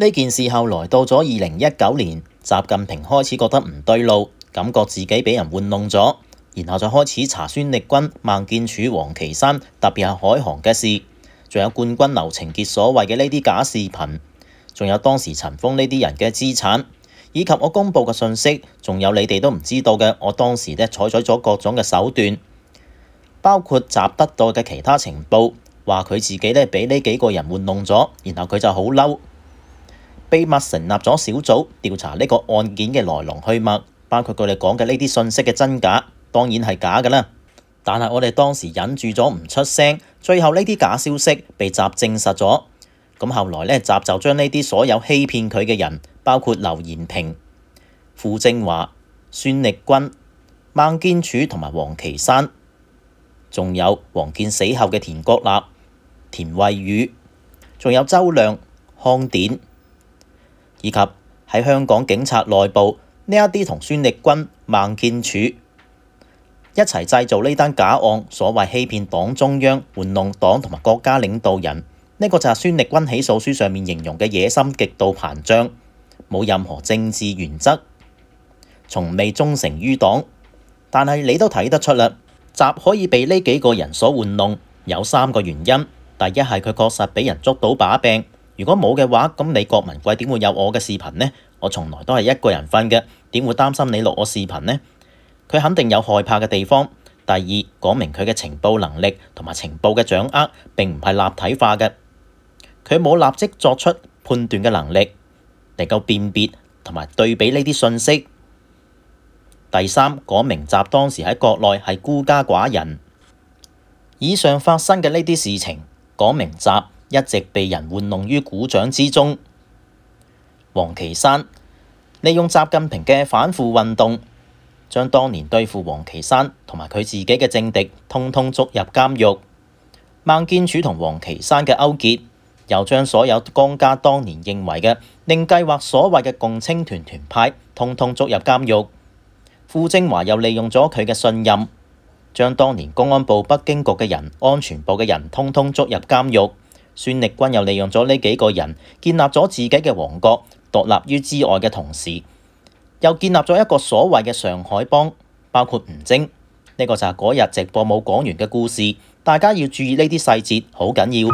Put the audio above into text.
呢件事後來到咗二零一九年，習近平開始覺得唔對路，感覺自己俾人玩弄咗，然後就開始查孫力軍、孟建柱、王岐山，特別係海航嘅事，仲有冠軍劉成杰所謂嘅呢啲假視頻，仲有當時陳峰呢啲人嘅資產，以及我公布嘅信息，仲有你哋都唔知道嘅，我當時咧採取咗各種嘅手段，包括集得到嘅其他情報，話佢自己咧俾呢幾個人玩弄咗，然後佢就好嬲。秘密成立咗小組調查呢個案件嘅來龍去脈，包括佢哋講嘅呢啲信息嘅真假，當然係假噶啦。但係我哋當時忍住咗唔出聲，最後呢啲假消息被習證實咗。咁後來呢，習就將呢啲所有欺騙佢嘅人，包括劉延平、傅政華、孫力軍、孟建柱同埋王岐山，仲有王健死後嘅田國立、田惠宇，仲有周亮康典。以及喺香港警察內部呢一啲同孫力軍、孟建柱一齊製造呢單假案，所謂欺騙黨中央、玩弄黨同埋國家領導人，呢個就係孫力軍起訴書上面形容嘅野心極度膨脹，冇任何政治原則，從未忠誠於黨。但係你都睇得出啦，習可以被呢幾個人所玩弄，有三個原因。第一係佢確實俾人捉到把柄。如果冇嘅話，咁你郭文貴點會有我嘅視頻呢？我從來都係一個人瞓嘅，點會擔心你錄我視頻呢？佢肯定有害怕嘅地方。第二，講明佢嘅情報能力同埋情報嘅掌握並唔係立體化嘅，佢冇立即作出判斷嘅能力，能夠辨別同埋對比呢啲信息。第三，講明習當時喺國內係孤家寡人，以上發生嘅呢啲事情講明習。一直被人玩弄於股掌之中。王岐山利用習近平嘅反腐運動，將當年對付王岐山同埋佢自己嘅政敵通通捉入監獄。孟建柱同王岐山嘅勾結，又將所有江家當年認為嘅令計劃所謂嘅共青團團派，通通捉入監獄。傅政華又利用咗佢嘅信任，將當年公安部北京局嘅人、安全部嘅人，通通捉入監獄。孫力軍又利用咗呢幾個人，建立咗自己嘅王國，獨立於之外嘅同時，又建立咗一個所謂嘅上海幫，包括吳征。呢個就係嗰日直播冇講完嘅故事，大家要注意呢啲細節，好緊要。